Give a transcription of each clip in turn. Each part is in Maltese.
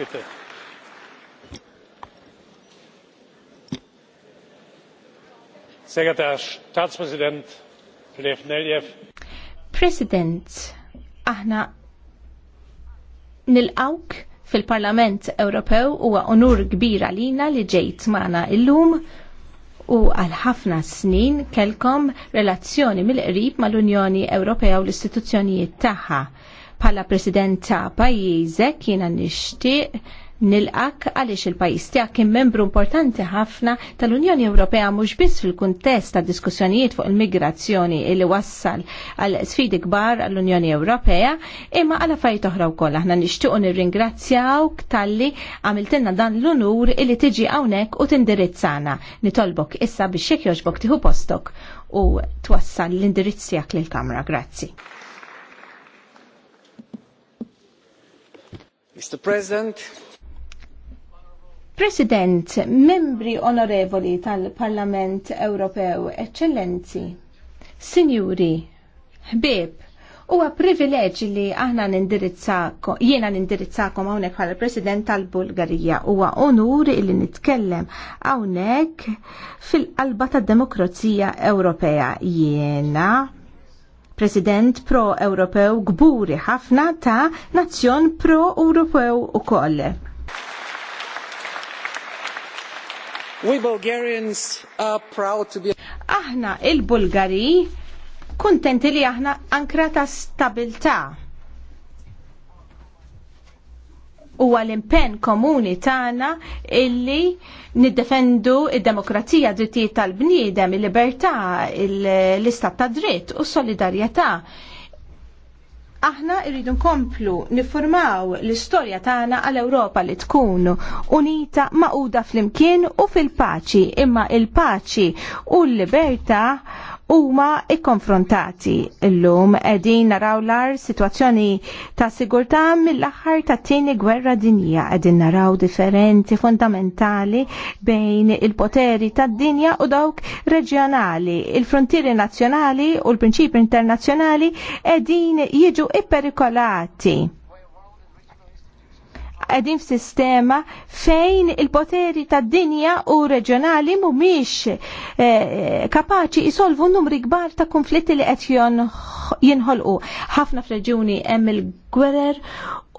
bitte. Sehr Staatspräsident President, aħna nilqawk fil-Parlament Ewropew huwa onur kbir għalina li ġejt magħna illum u għal ħafna snin kelkom relazzjoni mill-qrib mal-Unjoni Ewropea u l-istituzzjonijiet tagħha. Pala president ta' pajjiżek jiena nixtieq nilqak għaliex il-pajjiż tiegħek kien membru importanti ħafna tal-Unjoni Ewropea mhux biss fil-kuntest ta' diskussjonijiet fuq il-migrazzjoni li wassal għal sfidi kbar għall-Unjoni Ewropea imma għal affarijiet oħra wkoll. Aħna nixtiequ nirringrazzjawk talli għamiltilna dan l-unur li tiġi hawnhekk u tindirizzana. Nitolbok issa biex jekk jogħġbok tieħu postok u twassal l-indirizzjak lill-Kamra. Grazzi. Mr. President. President, membri onorevoli tal-Parlament Ewropew, Eccellenzi, Sinjuri, ħbieb, huwa privileġġ li aħna nindirizzakom, jiena nindirizzakom hawnhekk bħala President tal-Bulgarija. Huwa onur li nitkellem hawnhekk fil-qalba tad-demokrazija Ewropea. Jiena president pro-Ewropew gburi ħafna ta' nazzjon pro-Ewropew ukoll. We Bulgarians are proud to be Aħna il-Bulgari kuntenti li aħna ankra ta' stabilta' huwa l-impenn komuni tagħna illi niddefendu id-demokrazija, drittijiet tal-bniedem, il-libertà, l-istat ta' dritt u s-solidarjetà. Aħna irridu nkomplu niffurmaw l-istorja tagħna għal Ewropa li tkun unita maquda fl-imkien u fil-paċi, imma il-paċi u l-libertà huma ikkonfrontati illum qegħdin naraw l-ar sitwazzjoni ta' sigurtà mill-aħħar ta' tieni gwerra dinja qegħdin naraw differenti fundamentali bejn il-poteri tad-dinja u dawk reġjonali. Il-frontieri nazzjonali u l-prinċipi internazzjonali qegħdin jiġu ipperikolati għedin f-sistema fejn il-poteri ta' dinja u reġjonali mumiex eh, kapaċi jisolvu numri gbar ta' konflitti li qed jinħolqu. Ħafna f'reġjuni hemm il-gwerer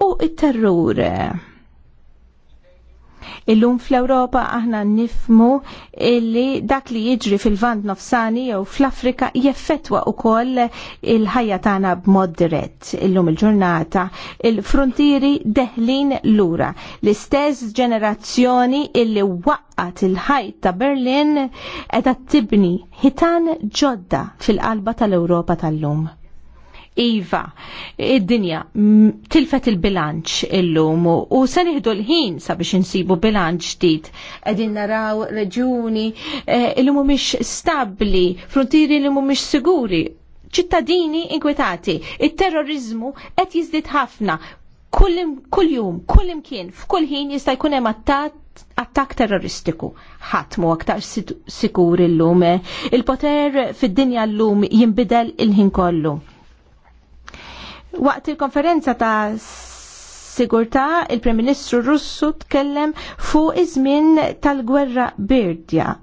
u it-terrur. Illum fl-Ewropa aħna nifmu illi dak li jiġri fil-vand nofsani jew fl-Afrika jeffetwa koll il-ħajja tagħna b'mod dirett. Illum il-ġurnata il-frontieri deħlin lura. L-istess ġenerazzjoni illi waqqat il-ħajt ta' Berlin qiegħda tibni hitan ġodda fil-qalba tal-Ewropa tal-lum. Iva, id-dinja tilfet il-bilanċ illum u se nieħdu l-ħin sabiex insibu bilanċ ġdid. Qegħdin naraw reġuni eh, illum mhumiex stabbli, frontieri li mhumiex siguri, ċittadini inkwetati, it-terrorizmu qed jiżdied ħafna. Kull jum, kull imkien, f'kull ħin jista' jkun hemm attak terroristiku ħatmu aktar sikur il lume eh. Il-poter fid-dinja l-lum jinbidel il-ħin kollu Waqt il-konferenza ta' sigurta il-Prim Ministru Russu tkellem fuq iż-żmien tal-gwerra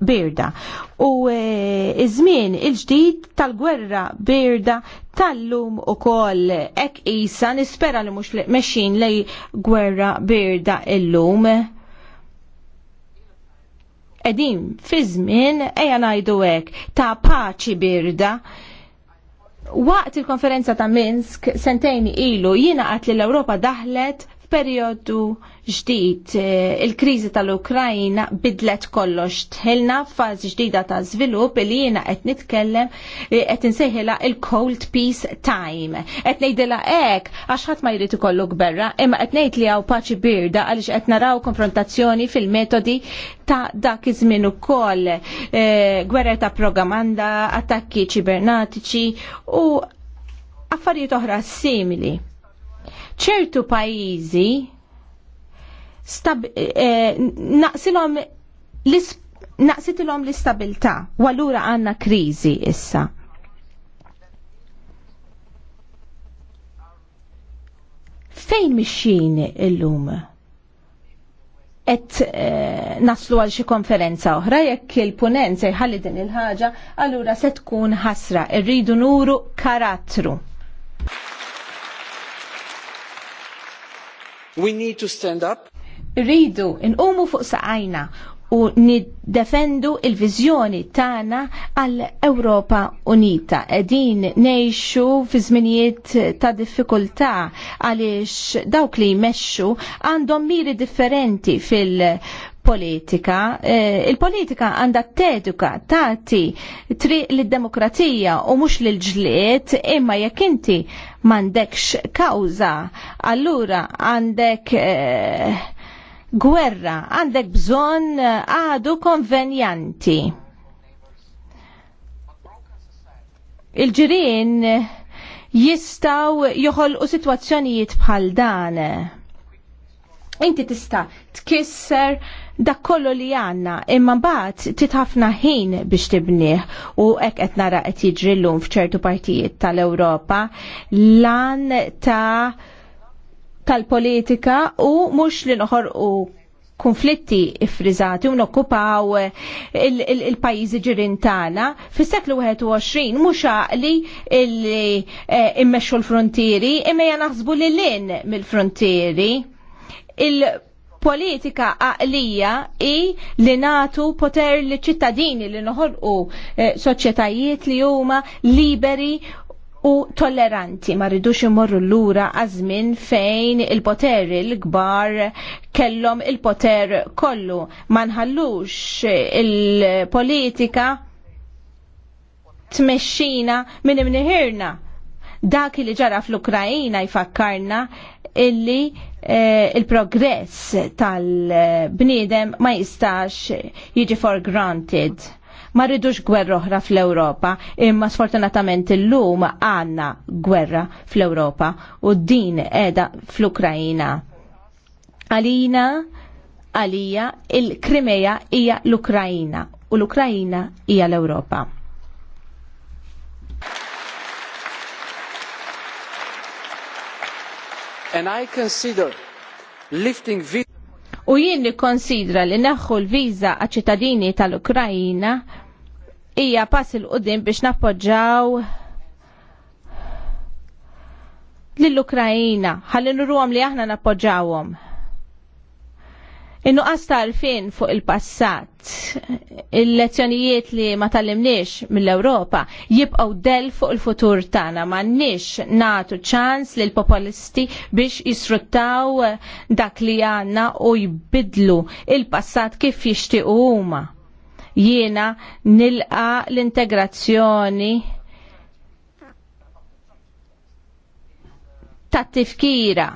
birda u e, iż-żmien il-ġdid tal-gwerra birda tal-lum ukoll hekk isa nispera li mhux meċin lej gwerra birda illum edin fi żmien eja ngħidu hekk ta' paċi birda Waqt il-konferenza ta' Minsk sentejni ilu jiena għat li l-Ewropa daħlet f'perjodu ġdid eh, il-kriżi tal-Ukrajna bidlet kollox tħilna f'fażi ġdida ta' żvilupp li jiena qed nitkellem eh, qed insejħilha il-cold peace time. Qed ngħidilha hekk għax ħadd ma jrid ikollu gberra, imma qed ngħid li hawn paċi birda għaliex qed naraw konfrontazzjoni fil-metodi ta' dak iż-żmien ukoll eh, gwerra ta' programanda, attakki ċibernatiċi u affarijiet oħra simili ċertu pajjiżi eh, naqsilhom naqsitilhom l-istabilità u allura għandna kriżi issa. Fejn mixin illum? et eh, naslu għal xi konferenza oħra jekk il-punent se jħalli din il-ħaġa, allura se tkun ħasra, irridu nuru karattru. We need to stand up. Rridu nqumu fuq saqajna u niddefendu il-vizjoni tagħna għall Ewropa Unita. Edin neħxu fi żminijiet ta' diffikultà għaliex dawk li jmexxu għandhom miri differenti fil- politika, eh, il-politika għandha teduka tagħti triq lid-demokrazija u mhux l ġlied imma jekk inti m'għandekx kawża, allura għandek eh, gwerra, għandek bżonn eh, għadu konvenjanti. Il-ġirien jistaw joħolqu sitwazzjonijiet bħal dan. Inti tista' tkisser dak kollu li għanna imma mbagħad tit ħafna ħin biex tibnieh u hekk qed nara qed jiġri llum f'ċertu partijiet tal-Ewropa lan ta' tal-politika u mhux li noħorqu konflitti ifriżati u nokkupaw il-pajjiżi ġirin tagħna fis-seklu 21 mhux għaqli illi eh, immexxu l-frontieri imma naħsbu lil lin mill-frontieri il politika għaqlija i li natu poter li ċittadini li noħolqu eh, soċjetajiet li huma liberi u tolleranti ma rridux imorru lura għazmin fejn il-poter il-gbar kellhom il-poter kollu ma nħallux il-politika tmexxina minn imniħirna Dak li ġara fl-Ukrajina jfakkarna illi eh, il-progress tal-bniedem ma jistax jiġi for granted. Ma rridux gwerra oħra fl ewropa imma sfortunatament illum għanna gwerra fl ewropa u din edha fl-Ukrajina. Għalina, għalija, il-Krimeja hija l-Ukrajina u l-Ukrajina hija l ewropa And I consider lifting U jien nikkonsidra li neħħu l-viża għaċ ċittadini tal-Ukrajina hija pass il qudiem biex nappoġġaw lill-Ukrajina ħalli nurruhom li aħna nappoġġawhom. Innuqas tarfin fuq il-passat, il-lezzjonijiet li ma tallimniex mill-Ewropa jibqgħu del fuq il-futur tagħna m'għandniex nagħtu ċans l popolisti biex jisruttaw dak li għandna u jbidlu il-passat kif jixtiequ huma. Jiena nilqa l-integrazzjoni ta' tifkira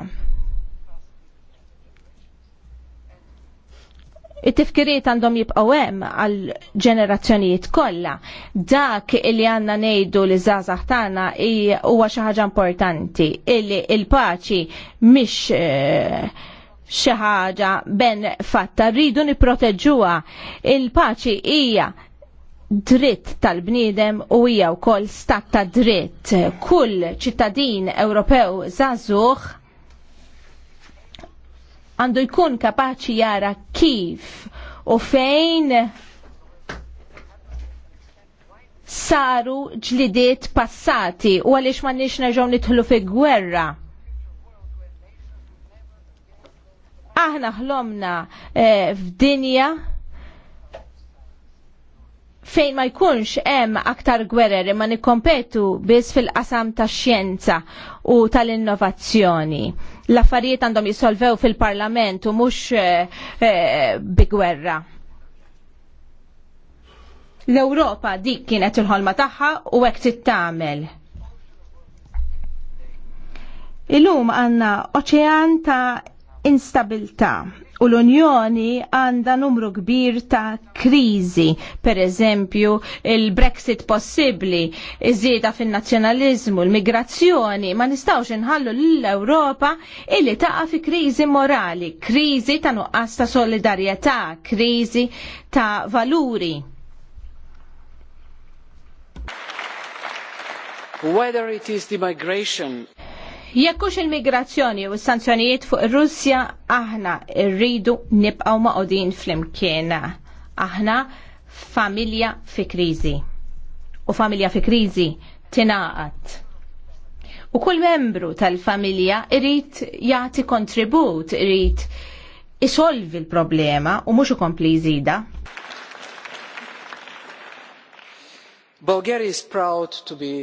it-tifkiriet għandhom jibqgħu hemm għal ġenerazzjonijiet kollha. Dak li għandna ngħidu li żgħażagħ tagħna huwa xi ħaġa importanti illi l paċi mhix eh, xi ħaġa ben fatta rridu nipproteġuha. Il-paċi hija dritt tal-bniedem u hija wkoll stat ta' dritt. Kull ċittadin Ewropew żagħżugħ għandu jkun kapaċi jara kif u fejn saru ġlidiet passati u għaliex ma nix nerġaw nidħlu fi gwerra. Aħna ħlomna eh, f'dinja fejn ma jkunx hemm aktar gwerer imma nikkompetu biss fil-qasam tax-xjenza u tal-innovazzjoni l-affarijiet għandhom jisolvew fil-parlament u mhux bigwerra. Eh, eh, bi gwerra. L-Ewropa dik kienet il-ħolma tagħha u hekk tittamel. Illum għandna oċean ta' instabilità u l-Unjoni għandha numru kbir ta' kriżi, per eżempju il-Brexit possibbli, iż-żieda fin-nazzjonaliżmu, l-migrazzjoni, ma nistgħux inħallu l-Ewropa illi ta' fi kriżi morali, kriżi ta' nuqqas ta' solidarjetà, kriżi ta' valuri. Whether it is the migration Jekkux il-migrazzjoni u s-sanzjonijiet fuq Russja, aħna rridu nibqaw maqodin fl-imkien. Aħna familja fi krizi. U familja fi krizi tinaqat. U kull membru tal-familja irrit jati kontribut, irrit isolvi l-problema u mux kompli jżida. Bulgaria is proud to be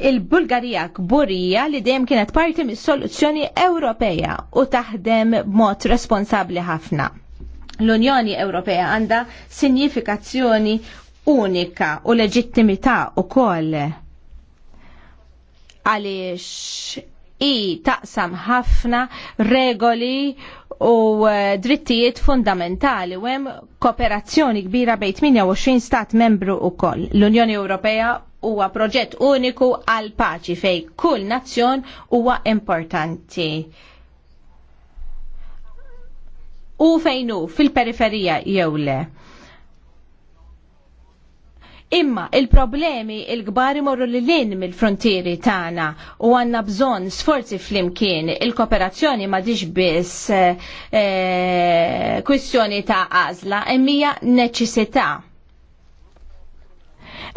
il-Bulgarija kburija li dejjem kienet parti mis-soluzzjoni Ewropea u taħdem b'mod responsabbli ħafna. L-Unjoni Ewropea għandha sinifikazzjoni unika u leġittimità ukoll għaliex i taqsam ħafna regoli u uh, drittijiet fundamentali u hemm kooperazzjoni kbira bejn 28 stat membru wkoll. L-Unjoni Ewropea huwa proġett uniku għal paċi fej kull nazzjon huwa importanti. U fejnu fil-periferija jew le. Imma il-problemi il-kbar imorru li lin mill-frontieri tagħna u għandna bżonn sforzi flimkien il-kooperazzjoni ma diġ biss e, kwistjoni ta' għażla imma neċessità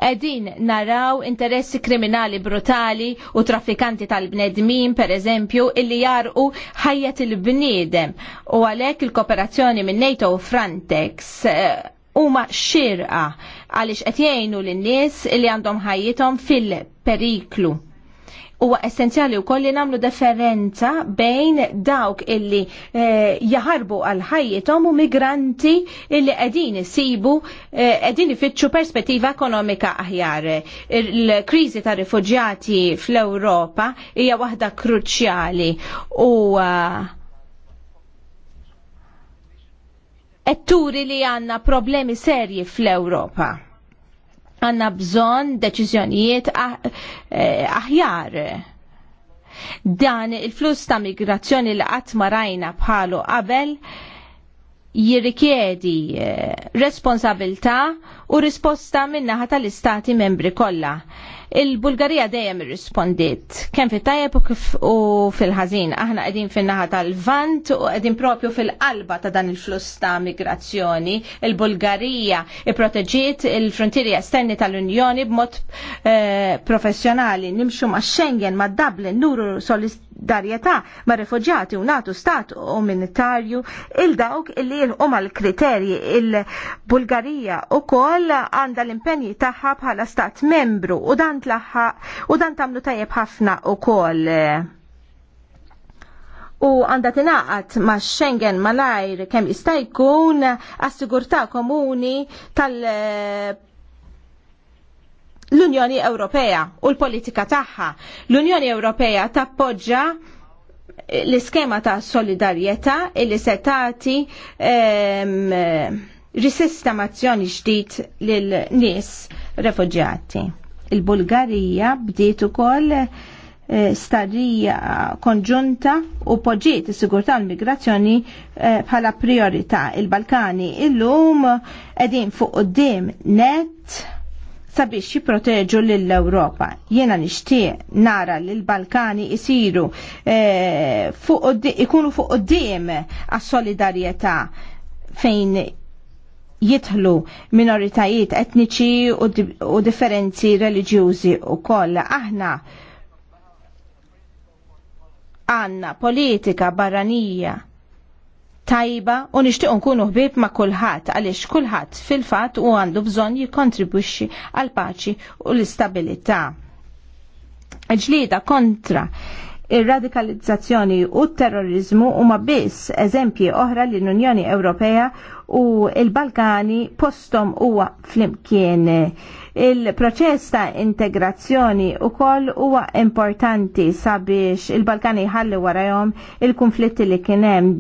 Edin naraw interessi kriminali brutali u trafikanti tal-bnedmin, per eżempju, illi jarqu ħajjet il-bniedem u għalek il-kooperazzjoni minn NATO u Frontex eh, huma xirqa għaliex qed jgħinu lin-nies li għandhom ħajjithom fil-periklu. Huwa essenzjali wkoll li nagħmlu differenza bejn dawk illi eh, jaħarbu għal ħajjithom u migranti illi qegħdin isibu eh, qegħdin eh, ifittxu perspettiva ekonomika aħjar. Il-kriżi ta' rifuġjati fl-Ewropa hija waħda kruċjali u uh, eh, etturi li għanna problemi serji fl-Europa għanna bżon deċiżjonijiet ah, eh, aħjar. Dan il-flus ta' migrazzjoni li qatt ma rajna bħalu qabel jirrikjedi eh, responsabilità u risposta minnaħa tal-istati membri kollha. Il-Bulgarija dejjem irrispondiet kemm fit-tajjeb u fil-ħażin. Aħna qegħdin fin-naħa tal-Vant u qegħdin propju fil-qalba ta' dan il-fluss ta' migrazzjoni. Il-Bulgarija ipproteġiet il-frontieri esterni tal-Unjoni b'mod eh, professjonali. Nimxu ma' Schengen, ma' Dublin, nuru solidarjetà ma' refuġjati u natu stat umanitarju il-dawk il-li huma l-kriterji. Il-Bulgarija u kol ukoll għandha l-impenji tagħha bħala stat membru u dan tlaħħa u dan tagħmlu tajjeb ħafna ukoll. U għandha tingħaqad ma' Schengen malajr kemm jista' jkun sigurta komuni tal- l-Unjoni Ewropea u l-politika tagħha. L-Unjoni Ewropea tappoġġa l-iskema ta' solidarjetà li se tagħti ehm, risistamazzjoni ġdid lil nies refugjati. Il-Bulgarija bdiet ukoll eh, starija konġunta u poġġiet is-sigurtà l migrazzjoni eh, bħala priorità. Il-Balkani illum qegħdin fuq qudiem net sabiex jipproteġu l ewropa Jena nixtieq nara l balkani isiru eh, ikunu fuq qudiem għas-solidarjetà fejn jitħlu minoritajiet etniċi u differenzi reliġjużi u koll. Aħna għanna politika barranija tajba u nixtieq nkunu ħbieb ma' kulħadd għaliex kulħadd fil-fatt u għandu bżonn jikkontribwixxi għal paċi u l-istabilità. Ġlieda kontra Ir-radikalizzazzjoni u t-terrorizmu huma biss eżempji oħra li l-Unjoni Ewropea u l-Balkani postom huwa flimkien il-proċess ta' integrazzjoni u koll huwa importanti sabiex il-Balkani ħalli warajom il-konflitti li kien hemm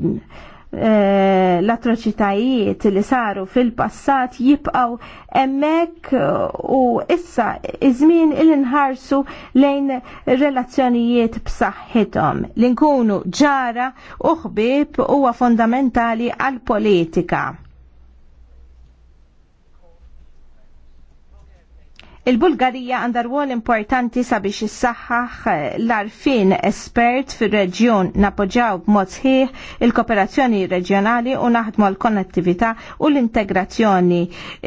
Eh, l-atroċitajiet li saru fil-passat jibqaw emmek eh, u issa iż-żmien il-inħarsu lejn relazzjonijiet b'saħħithom. L-inkunu ġara u ħbieb huwa fondamentali għal-politika. Il-Bulgarija għandha rwol importanti sabiex issaħħaħ l-arfin espert fir-reġjun napoġaw b'mod sħiħ il-kooperazzjoni reġjonali u naħdmu l-konnettività u l-integrazzjoni.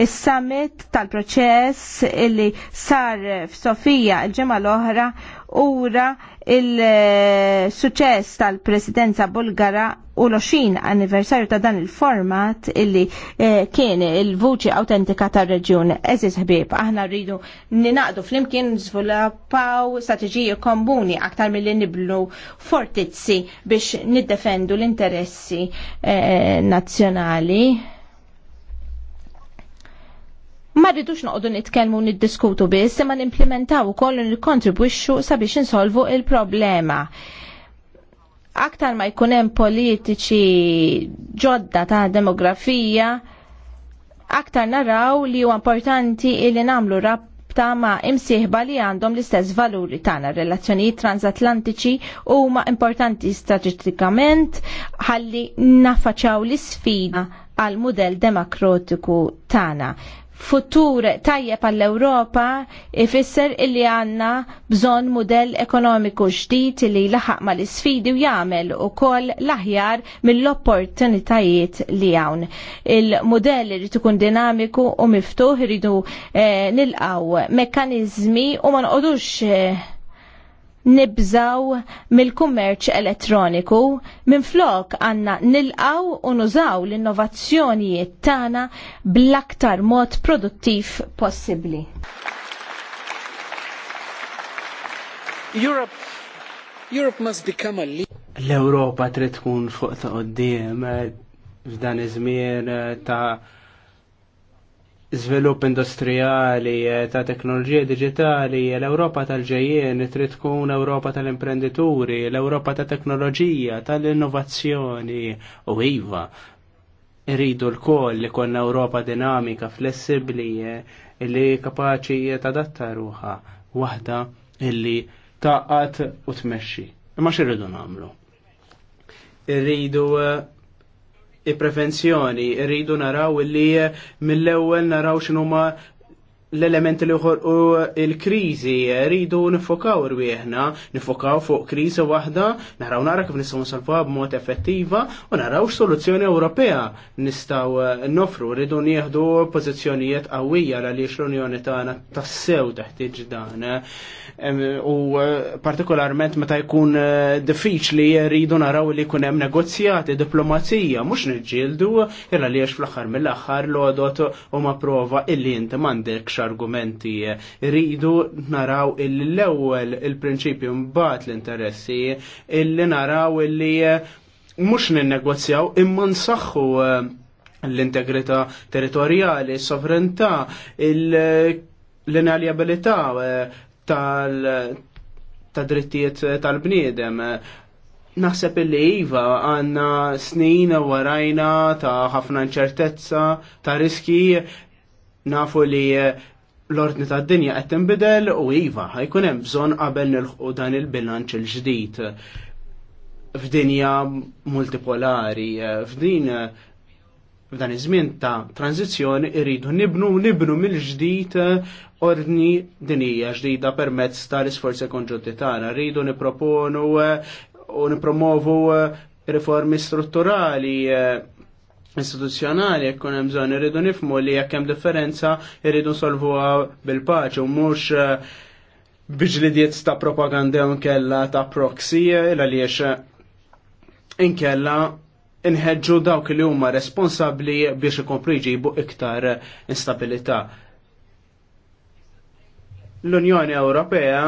Is-summit tal-proċess illi sar f'Sofija l-ġimgħa l-oħra ura il-suċess tal-presidenza bulgara u l-20 anniversarju ta' dan il-format illi eh, kien il-vuċi autentika ta' reġjun eżis ħbib. Aħna rridu ninaqdu flimkien żviluppaw strateġiji komuni aktar mill-li niblu fortizzi biex niddefendu l-interessi eh, nazzjonali Ma rridux noqdu nitkellmu niddiskutu biss, imma nimplementaw ukoll u nikkontribwixxu sabiex insolvu il-problema aktar ma jkun hemm politiċi ġodda ta' demografija, aktar naraw li huwa importanti li nagħmlu rabta ma' imsieħba li għandhom l-istess valuri tagħna relazzjonijiet transatlantiċi huma importanti strategikament ħalli naffaċaw l-isfida għal mudell demokratiku tagħna futur tajjeb għall ewropa ifisser illi għanna bżon modell ekonomiku ġdid li laħaq mal isfidi u jagħmel ukoll l-aħjar mill-opportunitajiet li hawn. Il-modell irid ikun dinamiku u miftuħ iridu eh, nilqaw mekkaniżmi u ma nqogħdux eh, nibżaw mill-kummerċ elettroniku, minflok għanna nilqaw u nużaw l-innovazzjonijiet tagħna bl-aktar mod produttiv possibbli. Europe, Europe must become a L-Europa trid tkun fuq ta' qoddim eh, f'dan iż-żmien eh, ta' żvilupp industrijali eh, ta' teknoloġija digitali, eh, l-Ewropa tal-ġejjien trid tkun Ewropa tal-imprenditori, l-Ewropa ta' teknoloġija, tal-innovazzjoni u iva. Irridu l li konna Ewropa dinamika, flessibli, eh, li kapaċi tadatta ruħa, waħda illi taqat u tmexxi. Imma xirridu namlu? Irridu i-prevenzjoni. Rridu naraw li mill-ewwel naraw xinuma l-elementi li u il-krizi rridu nifokaw rwieħna, nifokaw fuq krizi wahda, naraw nara kif nistaw nsalfuha b'mod effettiva u naraw soluzzjoni Ewropea nistgħu nofru rridu nieħdu pożizzjonijiet qawwija għaliex l-Unjoni tagħna tassew teħtieġ dan. U partikolarment meta jkun eh, diffiċli rridu naraw li jkun hemm negozjati, diplomazija, mhux niġġieldu, illa għaliex fl-aħħar mill-aħħar l-għodot ma prova illi inti m'għandekx argumenti rridu naraw l-ewwel il-prinċipju mbagħad l-interessi illi naraw illi eh, mhux ninnegozjaw imma nsaħħu eh, l-integrità territorjali, s eh, l-inaliabilità tal ta' drittijiet tal-bniedem. Naħseb illi Iva għanna snin warajna ta' ħafna inċertezza, ta' riski Nafu li eh, l-ordni ta' dinja qed tinbidel u iva ħajkun hemm bżonn qabel nilħqu dan il-bilanċ il-ġdid f'dinja multipolari, eh, f'din eh, f'dan iż-żmien ta' tranzizzjoni irridu nibnu nibnu mill-ġdid ordni dinija ġdida permezz tal-isforzi konġunti tagħna, rridu nipproponu u nippromovu riformi strutturali istituzzjonali jekk hemm bżonn irridu nifhmu li jekk hemm differenza irridu nsolvuha bil-paċi u mhux eh, biġlidiet ta' propaganda nkella ta' proxy għaliex eh, inkella inħedġu dawk li huma responsabbli biex ikomplu jġibu iktar instabilità. L-Unjoni Ewropea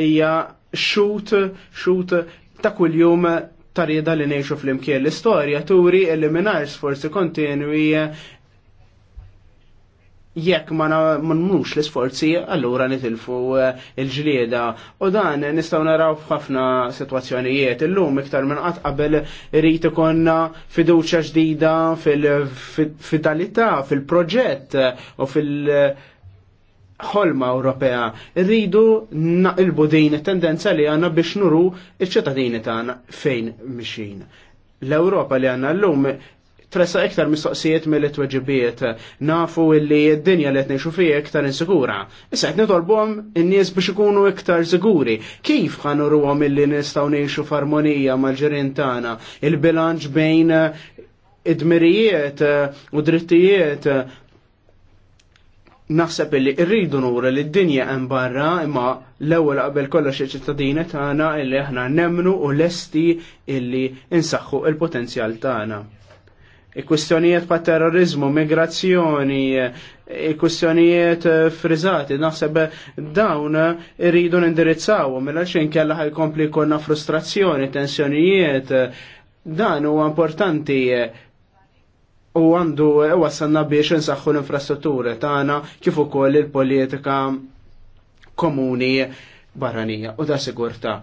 hija xut xut ta' kuljum tarjeda li nejxu fl-imkien l-istorja turi eliminar sforzi kontinwi jekk ma nmux l-isforzi allura nitilfu eh, il-ġlieda. U dan nistaw naraw f'ħafna situazzjonijiet. Illum iktar minn qatt qabel irid ikonna fiduċja ġdida fil-fidalità, fil-proġett u fil-, fil, fil, fil, fil, fil, fil, fil, fil ħolma Ewropea. Rridu naqilbu din it-tendenza li għanna biex nuru iċ-ċittadini tagħna fejn mixin. L-Ewropa li għanna llum tressa iktar mistoqsijiet mill tweġibiet nafu li d-dinja li qed fija iktar insigura. Issa qed nitolbuhom in-nies biex ikunu iktar siguri. Kif ħanuruhom illi nistgħu ngħixu f'armonija mal-ġirien tagħna, il-bilanċ bejn id-dmirijiet u drittijiet naħseb illi rridu nura li d-dinja hemm barra imma l-ewwel qabel kollox iċ-ċittadini tagħna illi aħna nemnu u lesti illi insaħħu il-potenzjal tagħna. Il-kwistjonijiet pa' terrorizmu, migrazzjoni, il-kwistjonijiet eh, frizzati, naħseb dawn irridu nindirizzaw, mela xejn kella ħajkompli konna frustrazzjoni, tensjonijiet, eh, dan huwa importanti eh, u għandu e, wasanna biex nsaxħu l-infrastrutture tagħna kif ukoll il-politika komuni barranija u ta' sigurta.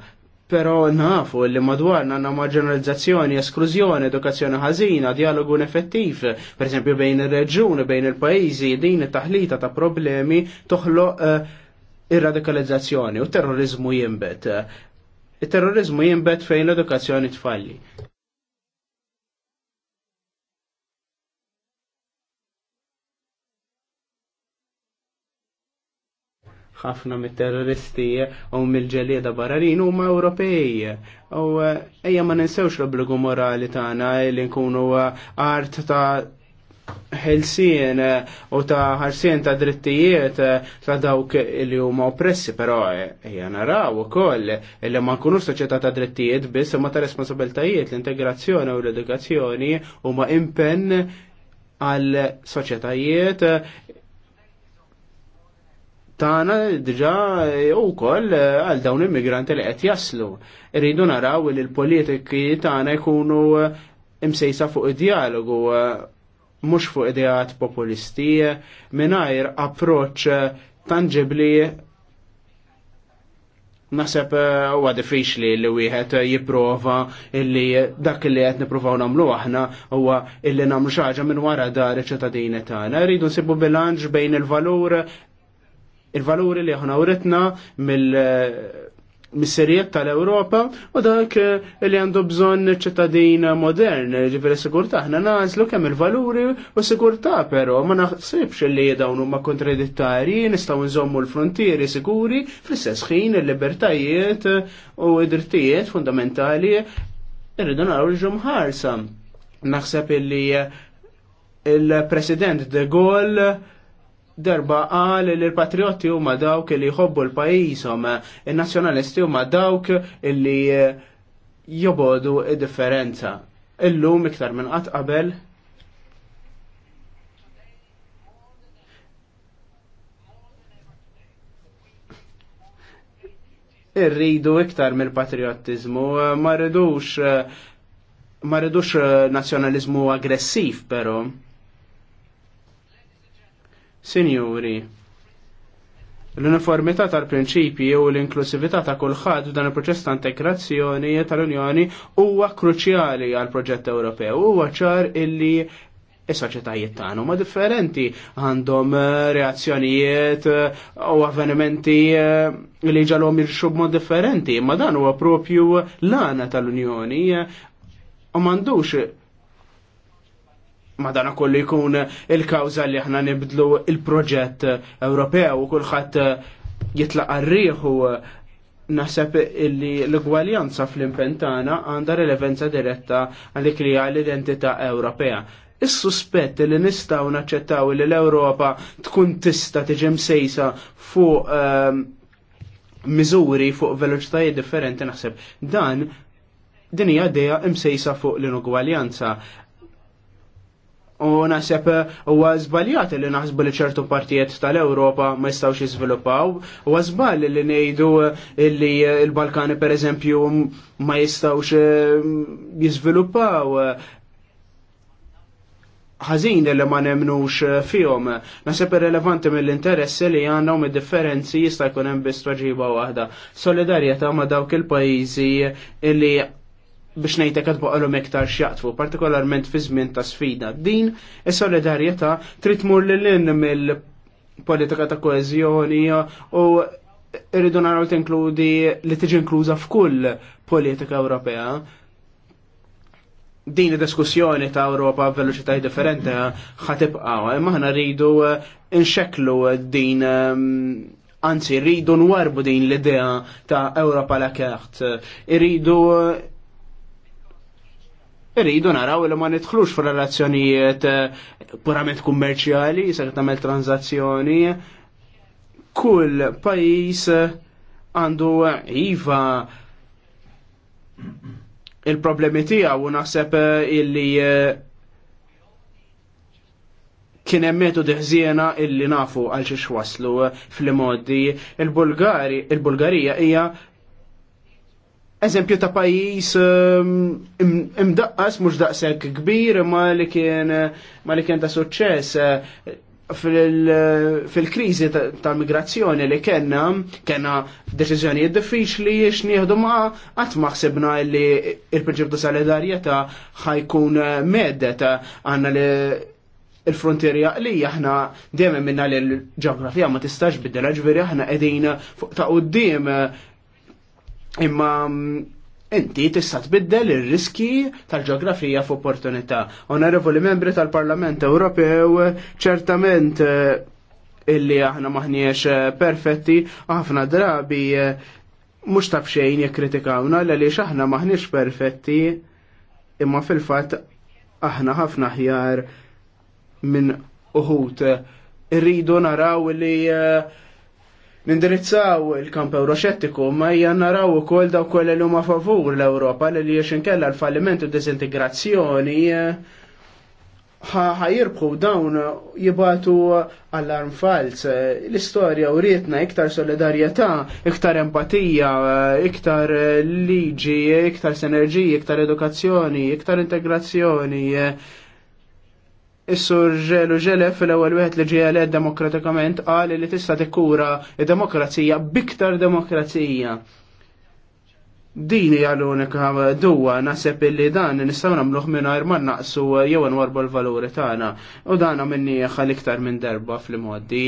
Pero nafu li madwarna għandna marginalizzazzjoni, esklużjoni, edukazzjoni ħażina, dialogu neffettiv, per esempio bejn ir reġuni bejn il pajjiżi din it-taħlita ta' problemi toħloq uh, ir-radikalizzazzjoni u terrorizmu jimbet. Il-terrorizmu e, jimbet fejn l-edukazzjoni tfalli. ħafna mit-terroristi u mill-ġelieda barranin huma Ewropej. U ejja ma ninsewx l-obbligu morali tagħna li nkunu uh, art ta' ħelsien uh, u ta' ħarsien ta' drittijiet uh, ta' dawk li huma oppressi, però eh, ejja naraw ukoll li ma nkunux soċjetà ta' drittijiet biss ma ta' responsabiltajiet l-integrazzjoni u l-edukazzjoni huma impenn għal soċjetajiet dġa diġà wkoll eh, għal dawn immigranti li qed jaslu. Rridu naraw li l-politiki tagħna jkunu eh, imsejsa fuq dialogu eh, mhux fuq ideat populisti mingħajr approċċ tangibli Nasab huwa diffiċli li wieħed jipprova illi dak li qed nippruvaw nagħmlu aħna huwa illi nagħmlu xi ħaġa minn wara dar iċ-ċittadini tagħna. Rridu nsibu bilanġ bejn il-valur il-valuri li aħna uretna mill eh, mis tal-Ewropa u dak eh, li għandu bżonn ċittadin modern, ġifiri sigurtà aħna nażlu kemm il-valuri u sigurtà però ma naħsibx li dawn huma kontradittarji, nistgħu nżommu l-frontieri siguri fl-istess ħin il-libertajiet u id-drittijiet fundamentali irridu naraw li ġum ħarsa. Naħseb illi eh, il-President de Gaulle darba qal li l-patrioti huma dawk li jħobbu l-pajjiżhom, in-nazzjonalisti huma dawk li eh, jobodu id-differenza. Illum iktar minn qatt qabel irridu iktar mill-patriottizmu, eh, ma rridux eh, ma rridux nazzjonalizmu aggressiv, però. Sinjuri, l-uniformità tal-prinċipji u l-inklusività ta' kulħadd dan il-proċess ta' integrazzjoni tal-Unjoni huwa kruċjali għal proġett Ewropew. Huwa ċar illi is-soċjetajiet tagħna huma differenti għandhom eh, reazzjonijiet eh, u avvenimenti eh, li ġalhom jirxu b'mod differenti, Ma dan huwa propju l-għana tal-Unjoni u m'għandux madana kollu jkun il-kawza li aħna nibdlu il-proġett Ewropew u kulħadd jitlaqa rriħu naħseb illi l-gwaljanza fl-impentana għandha rilevanza diretta għalik li l-identità Ewropea. Is-suspett li nistgħu naċċettaw li l-Ewropa tkun tista tiġi msejsa fuq ehm, miżuri fuq veloċitajiet differenti naħseb dan din hija dejja imsejsa fuq l-inugwaljanza. U naħseb eh, u għazbaljat li naħsbu li ċertu partijiet tal-Europa ma jistawx jizviluppaw, u għazbal li nejdu eh, li eh, il-Balkani per eżempju ma jistawx jizviluppaw. Ħażin li ma nemnux fihom. Naħseb irrelevanti mill-interessi li għanna u mid-differenzi jista' jkun hemm biss waħda. Solidarjetà ma' dawk il-pajjiżi li biex nejtek għadbu baqalum iktar xjaqtfu, partikolarment fi żmien ta' sfida. Din is-solidarjetà trid tmur linn mill-politika ta' koezjoni u irridu naraw tinkludi li tiġi inkluza f'kull politika Ewropea. Din id-diskussjoni ta' Ewropa veloċità differenti ħatibqa' imma aħna rridu eh, nxeklu din eh, anzi rridu nwarbu din l-idea ta' Ewropa la kert. Irridu eh, Rridu naraw li ma nidħlux relazzjonijiet eh, purament kummerċjali, se tagħmel tranzazzjoni. Kull pajjiż għandu eh, iva il-problemi tiegħu u naħseb eh, illi kien hemm metodi ħsiena illi nafu għal xi waslu fil-modi. Il-Bulgari, il-Bulgarija hija eżempju ta' pajis ehm, imdaqqas, mux daqsek kbir, ma li kien ma li kien ta' suċċess eh, fil-krizi tal-migrazzjoni li kena, kena deċizjoni diffiċli xnieħdu ma għat maħsibna li il-prinċip ta' solidarieta ħajkun medet għanna li il-frontieri li aħna dejjem minna li l-ġeografija ma tistax biddela ġveri aħna qegħdin fuq ta' qudiem Imma mm, inti tista' tbiddel ir-riski tal-ġeografija f'opportunità. Onorevoli membri tal-Parlament Ewropew ċertament eh, illi aħna maħniex eh, perfetti, ħafna drabi eh, mhux taf xejn jikkritikawna għaliex aħna maħniex perfetti, imma fil fatt aħna ħafna ħjar minn uħut. Irridu naraw li uh, Nindirizzaw il-kamp euroxettiku ma hija naraw ukoll daw kollha li huma favur l-Ewropa li jiex inkella l-falliment u disintegrazzjoni eh, ħajirbħu dawn jibatu allarm fals. L-istorja u rietna iktar solidarjetà, iktar empatija, eh, iktar liġi, iktar sinerġiji, iktar edukazzjoni, iktar integrazzjoni. Eh, Is-sur ġelu ġelef fil-ewwel wieħed li ġiel demokratikament qal li tista' tikkura d-demokrazija biktar demokrazija. Din hija l-unika duwa naħseb illi dan nistgħu nagħmluh mingħajr ma naqsu jew nwarbu l-valuri tagħna. U dan minni ħal iktar minn darba fl-imoddi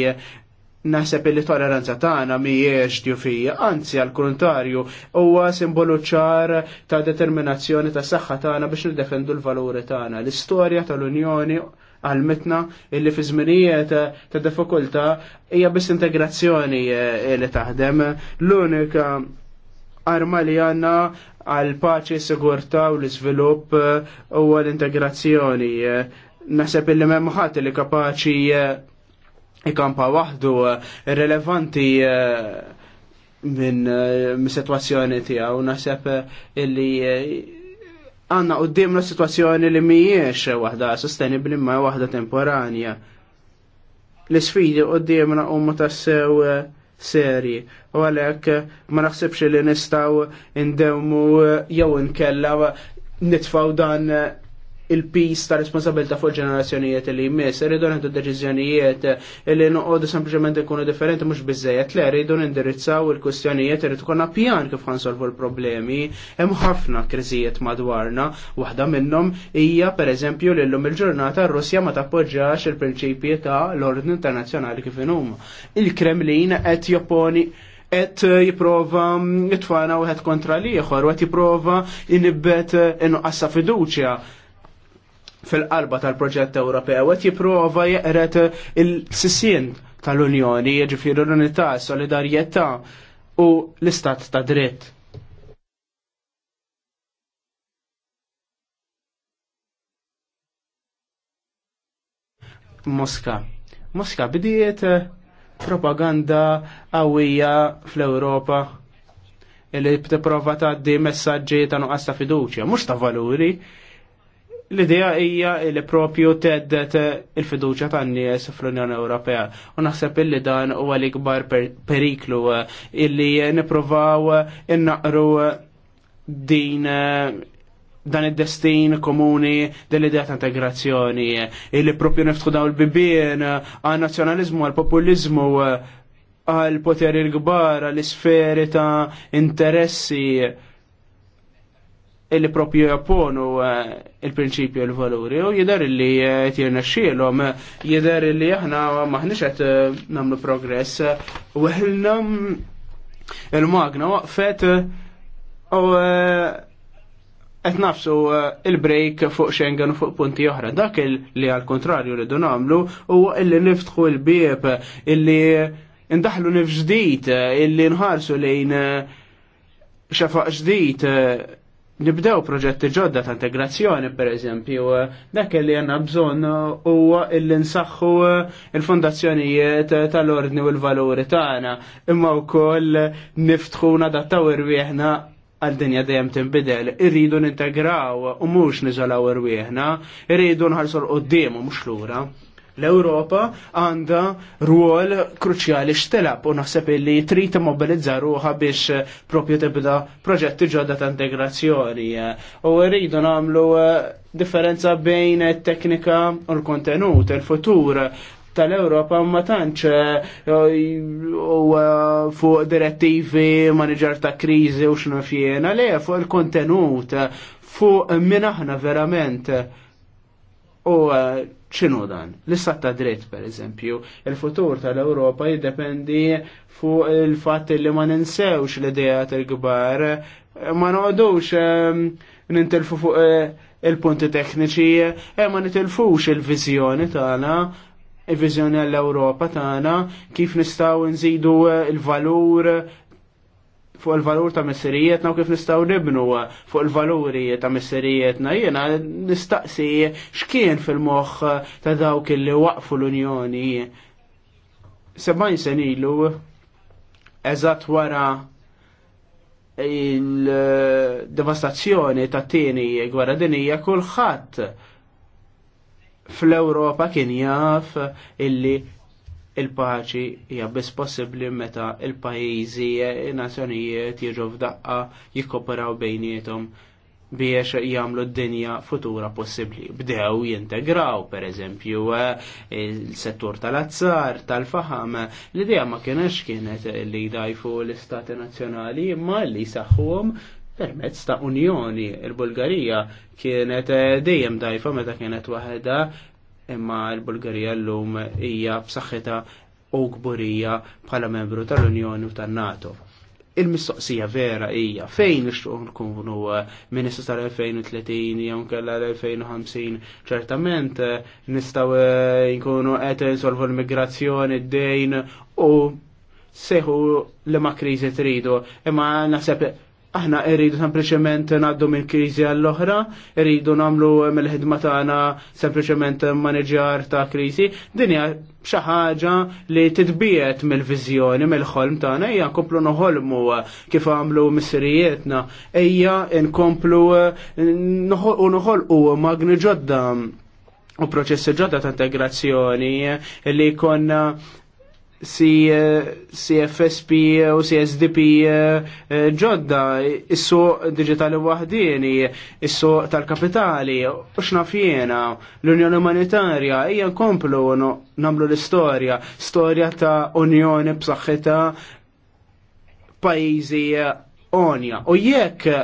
naħseb li toleranza tagħna mhijiex fija. anzi għal kuntarju huwa simbolu ċar ta' determinazzjoni ta' saħħa tagħna biex niddefendu l-valuri tagħna. L-istorja tal-Unjoni għal-metna illi fi żminijiet ta' diffikultà hija biss integrazzjoni eh, li taħdem. L-unika arma li għanna għal paċi, sigurta u l-izvilupp eh, u l-integrazzjoni. Eh, Naseb illi memmuħat li kapaċi ikampa wahdu relevanti minn situazzjoni tijaw. Naseb illi għanna u la situazzjoni li mijiex wahda sostenibli ma wahda temporanja. L-sfidi eh, u dimna u ma tassew seri u għalek eh, ma naħsibx li nistaw indemmu eh, jew nkella nitfaw dan il-pis ta' responsabilta fuq ġenerazzjonijiet li jmiss, rridu għandu deċizjonijiet li noqogħdu sempliċement ikunu differenti mhux biżejjed, le rridu nindirizzaw il-kwistjonijiet irid ikollna pjan kif ħansolvu l-problemi. Hemm ħafna kriżijiet madwarna, waħda minnhom hija pereżempju li llum il-ġurnata r-Russja ma tappoġġax il-prinċipji ta' l-ordni internazzjonali kif inhum. Il-Kremlin qed jopponi et jiprova mm, jitfana u għet kontra liħor, u jiprova jiprofa inibbet inqassa fiduċja fil-qalba tal-proġett Ewropew qed jipprova jeqret il-sissien tal-Unjoni, jiġifieri l-unità, solidarjetà u l-istat ta' dritt. Moska. Moska bidiet propaganda qawwija fl-Ewropa li tipprova tgħaddi messaġġi ta' nuqqas ta' fiduċja, mhux ta' valuri, L-idea hija li propju teddet il-fiduċa tan-nies fl-Unjoni Ewropea u naħseb illi dan huwa l-ikbar periklu eh, illi nippruvaw eh, innaqru eh, din dan id-destin komuni dell-idea ta' integrazzjoni illi propju niftħu daw l bibien għal nazjonalizmu għal populizmu għal poteri l-gbar għal sferi ta' interessi illi propju japponu eh, il-prinċipju l-valuri u jider illi tjerna eh, xielom, jider illi aħna maħniċ għet eh, namlu progress u għelna mm, il-magna waqfet u għet nafsu il-break fuq Schengen u fuq punti oħra. Dak li għal-kontrarju rridu namlu u illi niftħu il-bieb illi ndaħlu nifġdijt illi nħarsu lejn xafaq ġdijt nibdew proġetti ġodda ta' integrazzjoni per eżempju, eh, dak li għanna bżon eh, u l-insaxħu eh, il-fondazzjonijiet tal-ordni u l-valuri tagħna, imma wkoll niftħu nadattaw irwieħna għal dinja dejjem tinbidel, irridu nintegraw u mhux nizolaw irwieħna, irridu nħarsu l-qoddim u mhux lura. L-Ewropa għandha ruol kruċjali x-telab u naħseb illi trid immobilizza ruħa biex eh, propju tibda proġetti ġodda ta' integrazzjoni. Eh, u rridu nagħmlu eh, differenza bejn it-teknika u l-kontenut, il-futur tal-Europa ma tantx u fuq direttivi manager ta' kriżi u x'nafjena le fuq il-kontenut fuq minn aħna verament U uh, ċinu dan? L-issa ta' dritt, per eżempju, il-futur tal-Europa jiddependi fuq il-fat li ma ninsewx l-ideja tal-gbar, ma noqdux um, nintilfu fuq uh, il-punti tekniċi, eh, ma nitilfux il-vizjoni tagħna, il-vizjoni għall-Europa tagħna, kif nistgħu nżidu uh, il-valur fuq il-valur ta' messerijietna u kif nistaw nibnu fuq il-valuri ta' messerijietna jena nistaqsi xkien fil-moħ ta' dawk li waqfu l-Unjoni. Sebajn sen ilu eżat wara il-devastazzjoni ta' tieni gwara dinija kulħadd fl-Ewropa kien jaf illi il-paċi hija biss possibbli meta il-pajjiżi eh, nazzjonijiet jiġu f'daqqa jikkoperaw bejniethom biex jagħmlu d-dinja futura possibbli. Bdew jintegraw, per eżempju, eh, il-settur tal-azzar, tal faħam l-idea ma kienx kienet li jdajfu l-istati nazzjonali, imma li saħħuhom permezz ta' unjoni. Il-Bulgarija kienet eh, dejjem dajfa meta kienet waħda imma l-Bulgarija llum hija b'saħħitha u gburija bħala membru tal-Unjoni u tan-NATO. Il-mistoqsija vera hija fejn nixtieq nkunu Ministru tal-2030 jew kellha l-2050 ċertament nistgħu eh, nkunu qed insolvu l-migrazzjoni d-dejn u seħu li ma kriżi tridu imma naħseb aħna irridu sempliċement ngħaddu minn kriżi għall-oħra, rridu nagħmlu mill-ħidma tagħna sempliċement maneġjar ta' kriżi, din hija xi ħaġa li titbiet mill-viżjoni, mill-ħolm tagħna hija nkomplu noħolmu kif għamlu missirijietna, ejja nkomplu u noħolqu magni ġodda u proċessi ġodda ta' integrazzjoni li konna CFSP eh, eh, u CSDP eh, ġodda, issu digitali wahdini, issu tal-kapitali, u xnafjena, l-Unjoni Umanitarja, ija komplu namlu l-istoria, storja ta' Unjoni b'saħħita pajizi onja. U jekk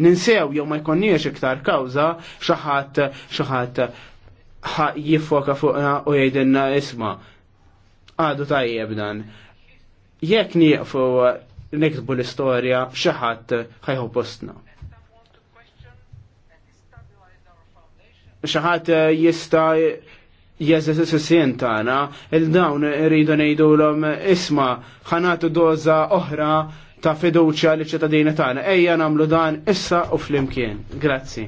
ninsew jew ma jkonniex iktar kawza, xaħat xaħat jiffoka fuqna u jgħidilna isma' Għadu tajjeb dan. Jekk nieqfu niktbu l-istorja xi ħadd ħajħu postna. Xi ħadd jista' jeżes s tagħna, il-dawn irridu ngħidulhom isma' ħanatu doza oħra ta' fiduċja li ċittadini tagħna. Ejja nagħmlu dan issa u flimkien. Grazzi.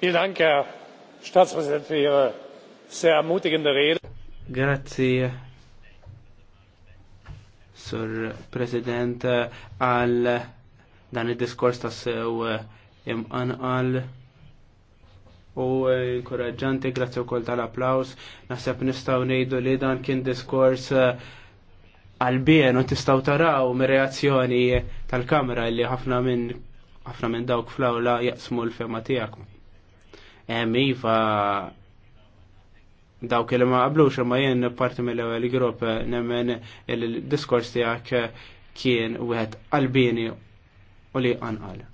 Grazie, Sur President, għal dan il-diskors ta' sew eh, imqan għal u eh, inkoraġġanti, grazzi wkoll tal applaus Naħseb nistgħu ngħidu li dan kien diskors eh, għal-bien u tistgħu taraw mir-reazzjoni tal-kamra li ħafna minn ħafna minn dawk fl-awla jaqsmu l-fema tiegħek emmi iva dawk kelima ma qablux jen jien parti mill-ewwel grupp nemmen il-diskors tijak kien wieħed albini u li anqal.